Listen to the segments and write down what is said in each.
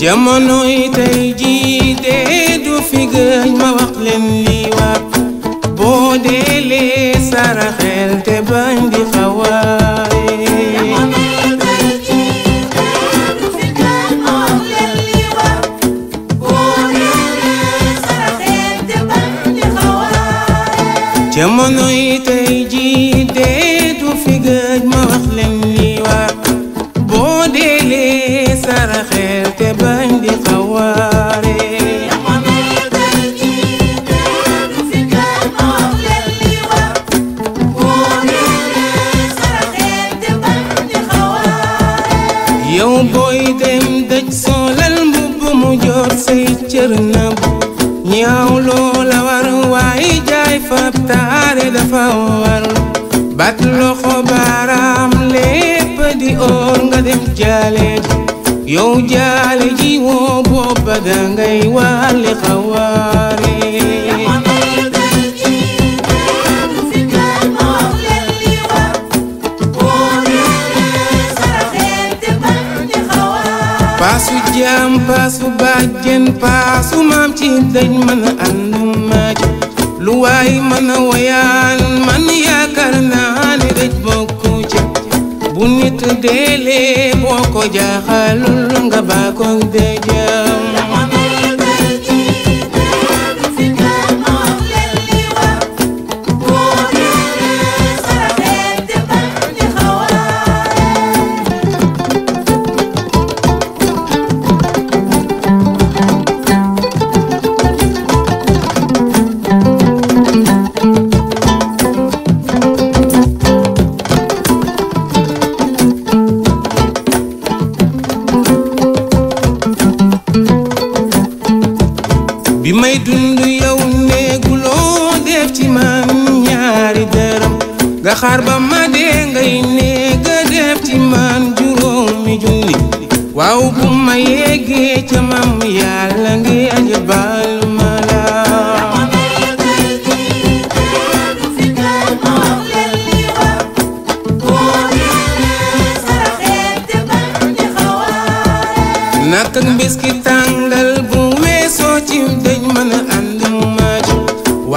jamonoy tey dee du fi ma wax leen lii waa boo saraxel te bañ di yow booy dem dëj soolal mbubb mu joor say cër na bu ñaaw loola war waaye jaay fab taare dafa war bat loxo baaraam lépp di oor nga dem jaale ji yow jaale ji woo بدني والخواري Pasu jam, pasu bajen, pasu mam cintain mana andum maj Luai mana wayan, man karena naan rej boko ja Bunit dele boko ja halul nga bakong deja may dund yow néeguloo def ci man ñaari dërëm nga xaar ma dee ngay néega def ci man juróomi junni waaw bu ma yeggee ca mam yàlla ngi aja baal ma la naka mbiskit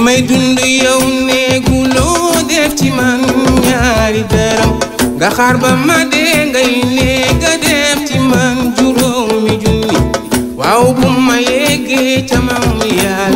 may dund yow neegu loo def ci man ñaari dërëm nga xaar ba ma dee ngay neega def ci man juróomi junni waaw bu ma yeggee ca